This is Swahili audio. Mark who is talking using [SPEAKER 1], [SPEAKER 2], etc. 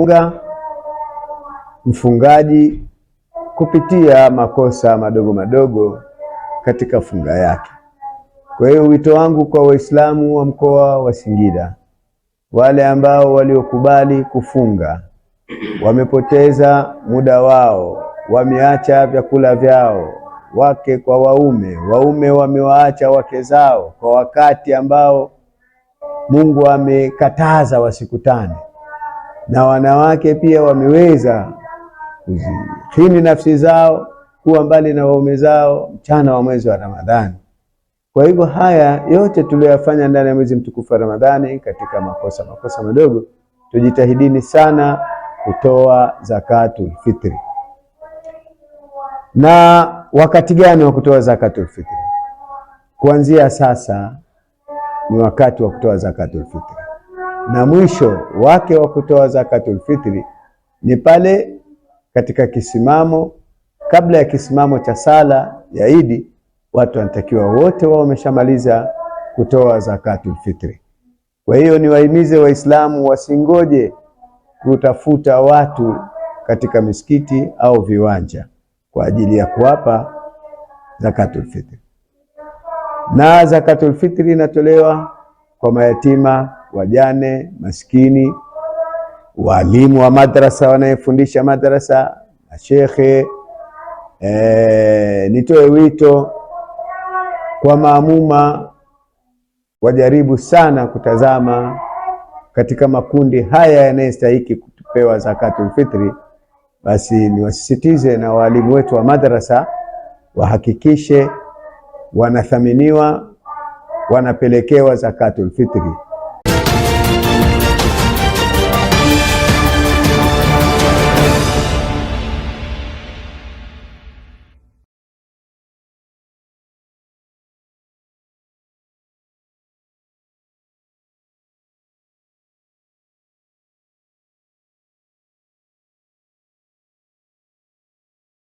[SPEAKER 1] mfunga mfungaji kupitia makosa madogo madogo katika funga yake. Kwa hiyo wito wangu kwa Waislamu wa mkoa wa Singida, wale ambao waliokubali kufunga wamepoteza muda wao, wameacha vyakula vyao wake kwa waume, waume wamewaacha wake zao kwa wakati ambao Mungu amekataza wasikutane na wanawake pia wameweza kuzihimi nafsi zao kuwa mbali na waume zao mchana wa mwezi wa Ramadhani. Kwa hivyo haya yote tuliyoyafanya ndani ya mwezi mtukufu wa Ramadhani katika makosa makosa madogo, tujitahidini sana kutoa zakatul fitri. Na wakati gani wa kutoa zakatul fitri? Kuanzia sasa ni wakati wa kutoa zakatul fitri na mwisho wake wa kutoa zakatul fitri ni pale katika kisimamo, kabla ya kisimamo cha sala ya Idi, watu wanatakiwa wote wao wameshamaliza kutoa zakatul fitri. Kwa hiyo niwahimize Waislamu wasingoje kutafuta watu katika misikiti au viwanja kwa ajili ya kuwapa zakatul fitri. Na zakatul fitri inatolewa kwa mayatima wajane, maskini, walimu wa madrasa wanayefundisha madrasa, mashekhe. E, nitoe wito kwa maamuma wajaribu sana kutazama katika makundi haya yanayostahiki kupewa zakatul fitri. Basi niwasisitize na waalimu wetu wa madrasa wahakikishe wanathaminiwa, wanapelekewa zakatul fitri.